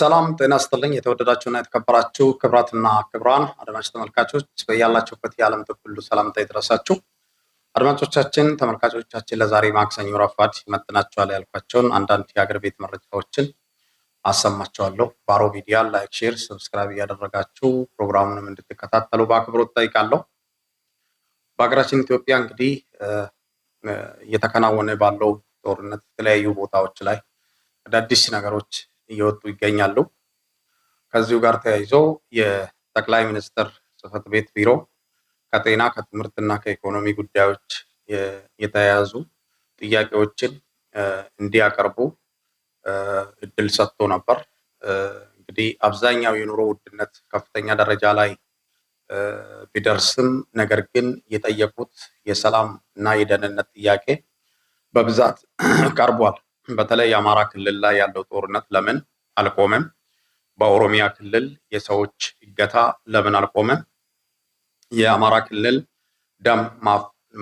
ሰላም ጤና ስጥልኝ። የተወደዳችሁና የተከበራችሁ ክብራትና ክብራን አድማጭ ተመልካቾች በያላችሁበት የዓለም ጥግ ሁሉ ሰላምታ ይድረሳችሁ። አድማጮቻችን፣ ተመልካቾቻችን ለዛሬ ማክሰኞ ረፋድ ይመጥናችኋል ያልኳቸውን አንዳንድ የአገር ቤት መረጃዎችን አሰማችኋለሁ። ባሮ ሚዲያ ላይክ፣ ሼር፣ ሰብስክራይብ እያደረጋችሁ ፕሮግራሙንም እንድትከታተሉ በአክብሮት ጠይቃለሁ። በሀገራችን ኢትዮጵያ እንግዲህ እየተከናወነ ባለው ጦርነት የተለያዩ ቦታዎች ላይ አዳዲስ ነገሮች እየወጡ ይገኛሉ። ከዚሁ ጋር ተያይዞ የጠቅላይ ሚኒስትር ጽህፈት ቤት ቢሮ ከጤና ከትምህርትና ከኢኮኖሚ ጉዳዮች የተያያዙ ጥያቄዎችን እንዲያቀርቡ እድል ሰጥቶ ነበር። እንግዲህ አብዛኛው የኑሮ ውድነት ከፍተኛ ደረጃ ላይ ቢደርስም ነገር ግን የጠየቁት የሰላም እና የደህንነት ጥያቄ በብዛት ቀርቧል። በተለይ የአማራ ክልል ላይ ያለው ጦርነት ለምን አልቆመም? በኦሮሚያ ክልል የሰዎች እገታ ለምን አልቆመም? የአማራ ክልል ደም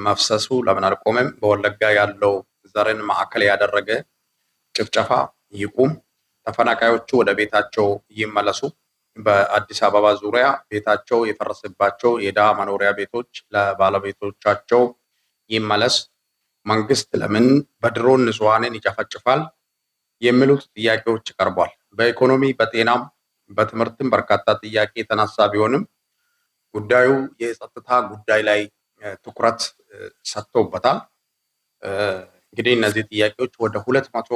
መፍሰሱ ለምን አልቆመም? በወለጋ ያለው ዘርን ማዕከል ያደረገ ጭፍጨፋ ይቁም፣ ተፈናቃዮቹ ወደ ቤታቸው ይመለሱ፣ በአዲስ አበባ ዙሪያ ቤታቸው የፈረሰባቸው የድሃ መኖሪያ ቤቶች ለባለቤቶቻቸው ይመለስ መንግስት ለምን በድሮን ንጹሐንን ይጨፈጭፋል? የሚሉት ጥያቄዎች ቀርቧል። በኢኮኖሚ በጤናም በትምህርትም በርካታ ጥያቄ የተነሳ ቢሆንም ጉዳዩ የጸጥታ ጉዳይ ላይ ትኩረት ሰጥቶበታል። እንግዲህ እነዚህ ጥያቄዎች ወደ ሁለት መቶ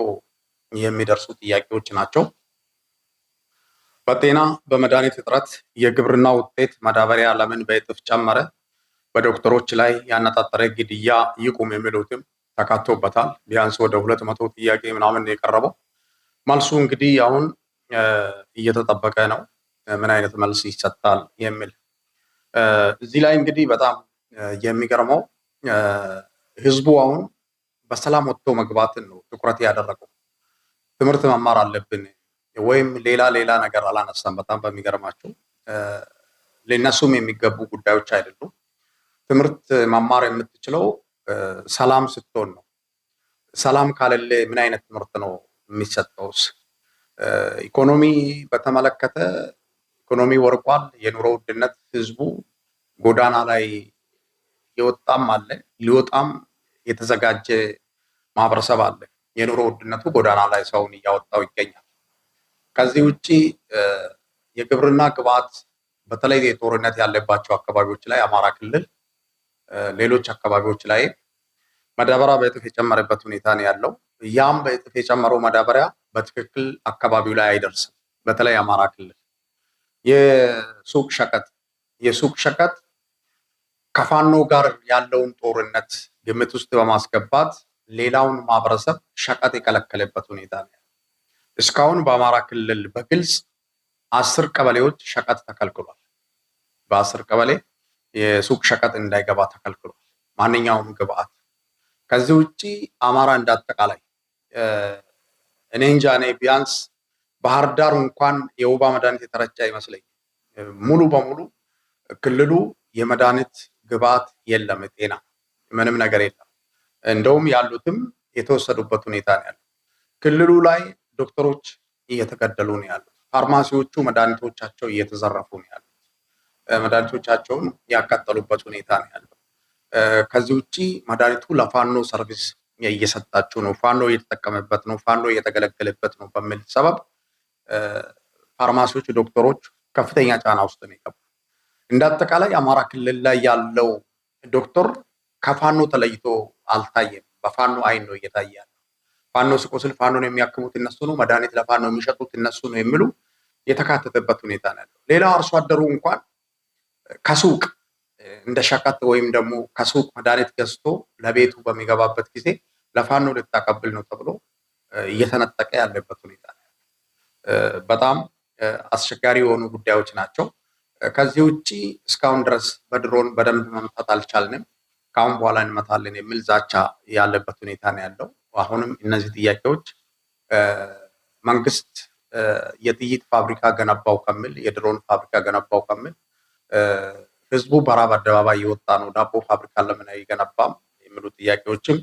የሚደርሱ ጥያቄዎች ናቸው። በጤና በመድኃኒት እጥረት የግብርና ውጤት ማዳበሪያ ለምን በእጥፍ ጨመረ? በዶክተሮች ላይ ያነጣጠረ ግድያ ይቁም የሚሉትም ተካቶበታል። ቢያንስ ወደ ሁለት መቶ ጥያቄ ምናምን የቀረበው መልሱ እንግዲህ አሁን እየተጠበቀ ነው፣ ምን አይነት መልስ ይሰጣል የሚል እዚህ ላይ እንግዲህ በጣም የሚገርመው ህዝቡ አሁን በሰላም ወጥቶ መግባትን ነው ትኩረት ያደረገው። ትምህርት መማር አለብን ወይም ሌላ ሌላ ነገር አላነሳም። በጣም በሚገርማቸው ለእነሱም የሚገቡ ጉዳዮች አይደሉም። ትምህርት መማር የምትችለው ሰላም ስትሆን ነው። ሰላም ካለሌ ምን አይነት ትምህርት ነው የሚሰጠውስ? ኢኮኖሚ በተመለከተ ኢኮኖሚ ወርቋል። የኑሮ ውድነት ህዝቡ ጎዳና ላይ የወጣም አለ ሊወጣም የተዘጋጀ ማህበረሰብ አለ። የኑሮ ውድነቱ ጎዳና ላይ ሰውን እያወጣው ይገኛል። ከዚህ ውጭ የግብርና ግብዓት በተለይ ጦርነት ያለባቸው አካባቢዎች ላይ አማራ ክልል ሌሎች አካባቢዎች ላይ መዳበሪያ በእጥፍ የጨመረበት ሁኔታ ነው ያለው። ያም በእጥፍ የጨመረው መዳበሪያ በትክክል አካባቢው ላይ አይደርስም። በተለይ አማራ ክልል የሱቅ ሸቀጥ የሱቅ ሸቀጥ ከፋኖ ጋር ያለውን ጦርነት ግምት ውስጥ በማስገባት ሌላውን ማህበረሰብ ሸቀጥ የከለከለበት ሁኔታ ነው። እስካሁን በአማራ ክልል በግልጽ አስር ቀበሌዎች ሸቀጥ ተከልክሏል። በአስር ቀበሌ የሱቅ ሸቀጥ እንዳይገባ ተከልክሏል። ማንኛውም ግብአት ከዚህ ውጭ አማራ እንዳጠቃላይ እኔ እንጃ እኔ ቢያንስ ባህር ዳር እንኳን የወባ መድኃኒት የተረጨ አይመስለኝ። ሙሉ በሙሉ ክልሉ የመድኃኒት ግብአት የለም፣ ጤና ምንም ነገር የለም። እንደውም ያሉትም የተወሰዱበት ሁኔታ ነው ያለው። ክልሉ ላይ ዶክተሮች እየተገደሉ ነው ያሉት። ፋርማሲዎቹ መድኃኒቶቻቸው እየተዘረፉ ነው ያሉት። መድኃኒቶቻቸውን ያቃጠሉበት ሁኔታ ነው ያለው። ከዚህ ውጭ መድኃኒቱ ለፋኖ ሰርቪስ እየሰጣችሁ ነው፣ ፋኖ እየተጠቀመበት ነው፣ ፋኖ እየተገለገለበት ነው በሚል ሰበብ ፋርማሲዎች፣ ዶክተሮች ከፍተኛ ጫና ውስጥ ነው የገቡ። እንደ አጠቃላይ አማራ ክልል ላይ ያለው ዶክተር ከፋኖ ተለይቶ አልታየም። በፋኖ አይን ነው እየታየ ያለ። ፋኖ ስቆስል ፋኖን የሚያክሙት እነሱ ነው፣ መድኃኒት ለፋኖ የሚሸጡት እነሱ ነው የሚሉ የተካተተበት ሁኔታ ነው ያለው። ሌላው አርሶ አደሩ እንኳን ከሱቅ እንደ ሸቀጥ ወይም ደግሞ ከሱቅ መድኃኒት ገዝቶ ለቤቱ በሚገባበት ጊዜ ለፋኖ ልታቀብል ነው ተብሎ እየተነጠቀ ያለበት ሁኔታ ነው። በጣም አስቸጋሪ የሆኑ ጉዳዮች ናቸው። ከዚህ ውጭ እስካሁን ድረስ በድሮን በደንብ መምታት አልቻልንም፣ ከአሁን በኋላ እንመታለን የሚል ዛቻ ያለበት ሁኔታ ነው ያለው። አሁንም እነዚህ ጥያቄዎች መንግስት የጥይት ፋብሪካ ገነባው ከሚል የድሮን ፋብሪካ ገነባው ከሚል ህዝቡ በራብ አደባባይ የወጣ ነው፣ ዳቦ ፋብሪካ ለምን አይገነባም የሚሉ ጥያቄዎችም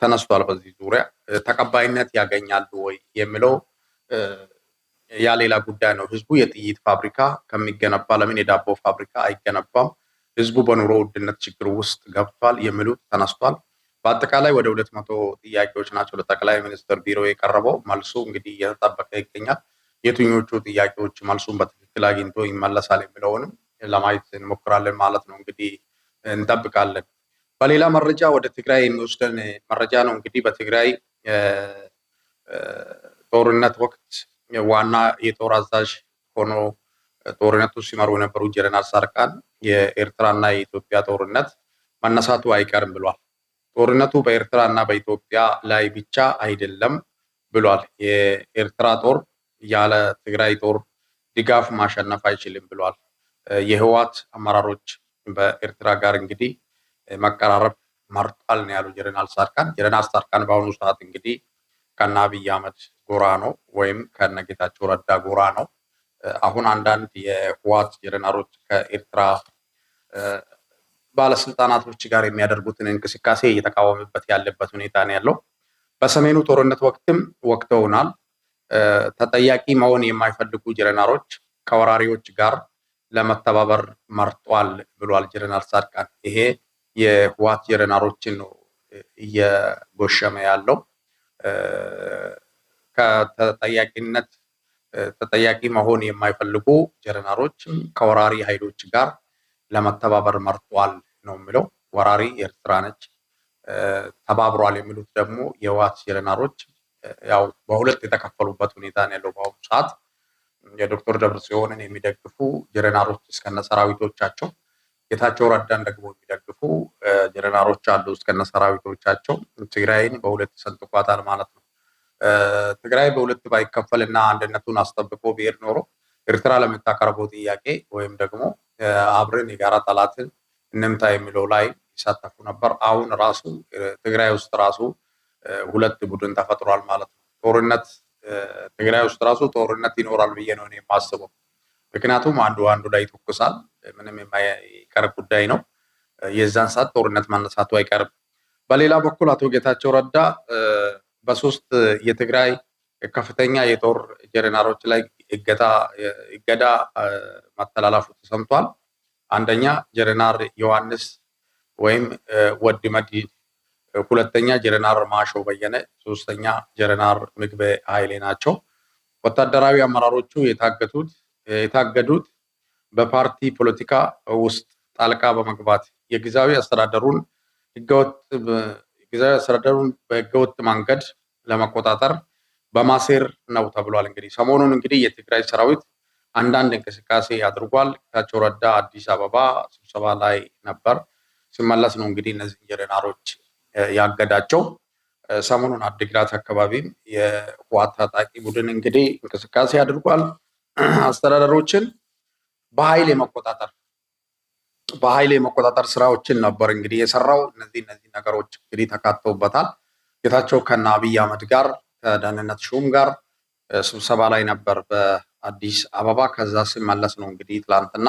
ተነስቷል። በዚህ ዙሪያ ተቀባይነት ያገኛሉ ወይ የሚለው ያ ሌላ ጉዳይ ነው። ህዝቡ የጥይት ፋብሪካ ከሚገነባ ለምን የዳቦ ፋብሪካ አይገነባም? ህዝቡ በኑሮ ውድነት ችግር ውስጥ ገብቷል የሚሉት ተነስቷል። በአጠቃላይ ወደ ሁለት መቶ ጥያቄዎች ናቸው ለጠቅላይ ሚኒስትር ቢሮ የቀረበው። መልሱ እንግዲህ እየተጠበቀ ይገኛል። የትኞቹ ጥያቄዎች መልሱን በትክክል አግኝቶ ይመለሳል የሚለውንም ለማየት እንሞክራለን ማለት ነው። እንግዲህ እንጠብቃለን። በሌላ መረጃ ወደ ትግራይ የሚወስደን መረጃ ነው። እንግዲህ በትግራይ ጦርነት ወቅት ዋና የጦር አዛዥ ሆኖ ጦርነቱ ሲመሩ የነበሩ ጀነራል ጻድቃን የኤርትራና የኢትዮጵያ ጦርነት መነሳቱ አይቀርም ብሏል። ጦርነቱ በኤርትራ እና በኢትዮጵያ ላይ ብቻ አይደለም ብሏል። የኤርትራ ጦር ያለ ትግራይ ጦር ድጋፍ ማሸነፍ አይችልም ብሏል። የህወሓት አመራሮች በኤርትራ ጋር እንግዲህ መቀራረብ መርጣል ነው ያሉ ጀነራል ሳርካን። ጀነራል ሳርካን በአሁኑ ሰዓት እንግዲህ ከነ አብይ አህመድ ጎራ ነው ወይም ከነ ጌታቸው ረዳ ጎራ ነው። አሁን አንዳንድ የህወሓት ጀነራሎች ከኤርትራ ባለስልጣናቶች ጋር የሚያደርጉትን እንቅስቃሴ እየተቃወመበት ያለበት ሁኔታ ነው ያለው። በሰሜኑ ጦርነት ወቅትም ወቅተውናል። ተጠያቂ መሆን የማይፈልጉ ጀነራሎች ከወራሪዎች ጋር ለመተባበር መርጧል ብሏል ጀነራል ጻድቃን። ይሄ የህዋት ጀነራሎችን ነው እየጎሸመ ያለው። ከተጠያቂነት ተጠያቂ መሆን የማይፈልጉ ጀነራሎችም ከወራሪ ኃይሎች ጋር ለመተባበር መርጧል ነው የሚለው። ወራሪ ኤርትራ ነች፣ ተባብሯል የሚሉት ደግሞ የህዋት ጀነራሎች ያው በሁለት የተከፈሉበት ሁኔታ ነው ያለው በአሁኑ ሰዓት የዶክተር ደብረጽዮንን የሚደግፉ ጀነራሎች እስከነ ሰራዊቶቻቸው፣ ጌታቸው ረዳን ደግሞ የሚደግፉ ጀነራሎች አሉ እስከነ ሰራዊቶቻቸው። ትግራይን በሁለት ሰንጥቋታል ማለት ነው። ትግራይ በሁለት ባይከፈልና አንድነቱን አስጠብቆ ብሄድ ኖሮ ኤርትራ ለምታቀርበው ጥያቄ ወይም ደግሞ አብረን የጋራ ጠላትን እንምታ የሚለው ላይ ይሳተፉ ነበር። አሁን ራሱ ትግራይ ውስጥ ራሱ ሁለት ቡድን ተፈጥሯል ማለት ነው። ጦርነት ትግራይ ውስጥ ራሱ ጦርነት ይኖራል ብዬ ነው እኔ የማስበው። ምክንያቱም አንዱ አንዱ ላይ ይተኩሳል፣ ምንም የማይቀር ጉዳይ ነው። የዛን ሰዓት ጦርነት ማነሳቱ አይቀርም። በሌላ በኩል አቶ ጌታቸው ረዳ በሶስት የትግራይ ከፍተኛ የጦር ጀነራሎች ላይ እገዳ ማተላለፉ ተሰምቷል። አንደኛ ጀነራል ዮሐንስ ወይም ወድ ሁለተኛ ጀነራል ማሾ በየነ፣ ሶስተኛ ጀነራል ምግበ ኃይሌ ናቸው። ወታደራዊ አመራሮቹ የታገቱት የታገዱት በፓርቲ ፖለቲካ ውስጥ ጣልቃ በመግባት የጊዜያዊ አስተዳደሩን ጊዜያዊ አስተዳደሩን በህገወጥ መንገድ ለመቆጣጠር በማሴር ነው ተብሏል። እንግዲህ ሰሞኑን እንግዲህ የትግራይ ሰራዊት አንዳንድ እንቅስቃሴ አድርጓል። ጌታቸው ረዳ አዲስ አበባ ስብሰባ ላይ ነበር፣ ሲመለስ ነው እንግዲህ እነዚህ ጀነራሎች ያገዳቸው። ሰሞኑን አዲግራት አካባቢም የህወሓት ታጣቂ ቡድን እንግዲህ እንቅስቃሴ አድርጓል። አስተዳደሮችን በኃይል የመቆጣጠር በኃይል የመቆጣጠር ስራዎችን ነበር እንግዲህ የሰራው። እነዚህ እነዚህ ነገሮች እንግዲህ ተካተውበታል። ጌታቸው ከነ አብይ አህመድ ጋር ከደህንነት ሹም ጋር ስብሰባ ላይ ነበር በአዲስ አበባ። ከዛ ሲመለስ ነው እንግዲህ ትላንትና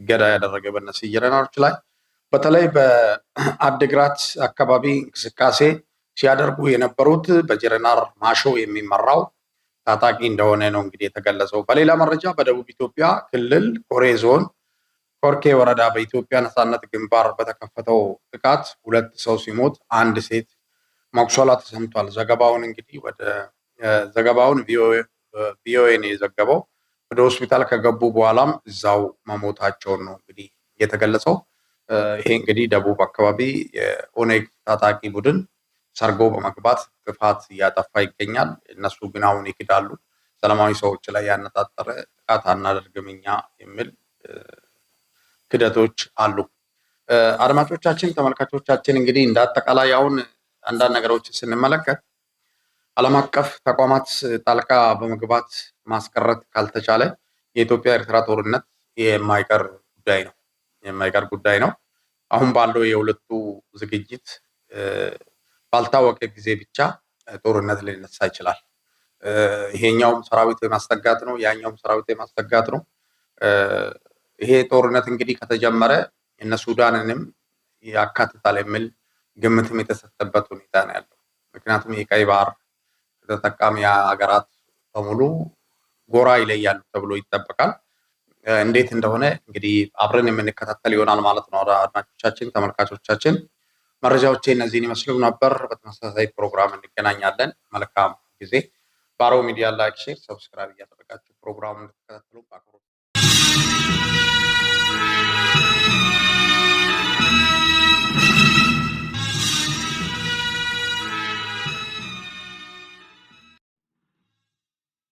እገዳ ያደረገ በነስዬ ረናዎች ላይ በተለይ በአድግራት አካባቢ እንቅስቃሴ ሲያደርጉ የነበሩት በጀረናር ማሾ የሚመራው ታጣቂ እንደሆነ ነው እንግዲህ የተገለጸው። በሌላ መረጃ በደቡብ ኢትዮጵያ ክልል ኮሬ ዞን ኮርኬ ወረዳ በኢትዮጵያ ነፃነት ግንባር በተከፈተው ጥቃት ሁለት ሰው ሲሞት አንድ ሴት መቁሰሏ ተሰምቷል። ዘገባውን እንግዲህ ወደ ዘገባውን ቪኦኤ ነው የዘገበው። ወደ ሆስፒታል ከገቡ በኋላም እዛው መሞታቸውን ነው እንግዲህ የተገለጸው። ይሄ እንግዲህ ደቡብ አካባቢ የኦነግ ታጣቂ ቡድን ሰርጎ በመግባት ጥፋት እያጠፋ ይገኛል። እነሱ ግን አሁን ይክዳሉ። ሰላማዊ ሰዎች ላይ ያነጣጠረ ጥቃት አናደርግም እኛ የሚል ክደቶች አሉ። አድማጮቻችን፣ ተመልካቾቻችን እንግዲህ እንደ አጠቃላይ አሁን አንዳንድ ነገሮች ስንመለከት ዓለም አቀፍ ተቋማት ጣልቃ በመግባት ማስቀረት ካልተቻለ የኢትዮጵያ ኤርትራ ጦርነት የማይቀር ጉዳይ ነው። የማይቀር ጉዳይ ነው። አሁን ባለው የሁለቱ ዝግጅት ባልታወቀ ጊዜ ብቻ ጦርነት ሊነሳ ይችላል። ይሄኛውም ሰራዊት የማስጠጋት ነው፣ ያኛውም ሰራዊት የማስጠጋት ነው። ይሄ ጦርነት እንግዲህ ከተጀመረ እነ ሱዳንንም ያካትታል የሚል ግምትም የተሰጠበት ሁኔታ ነው ያለው። ምክንያቱም የቀይ ባህር ተጠቃሚ ሀገራት በሙሉ ጎራ ይለያሉ ተብሎ ይጠበቃል። እንዴት እንደሆነ እንግዲህ አብረን የምንከታተል ይሆናል ማለት ነው። አድማጮቻችን፣ ተመልካቾቻችን መረጃዎች እነዚህን ይመስሉ ነበር። በተመሳሳይ ፕሮግራም እንገናኛለን። መልካም ጊዜ። ባሮ ሚዲያ ላይክ፣ ሼር፣ ሰብስክራይብ እያደረጋችሁ ፕሮግራሙን እንድትከታተሉ በአክብሮት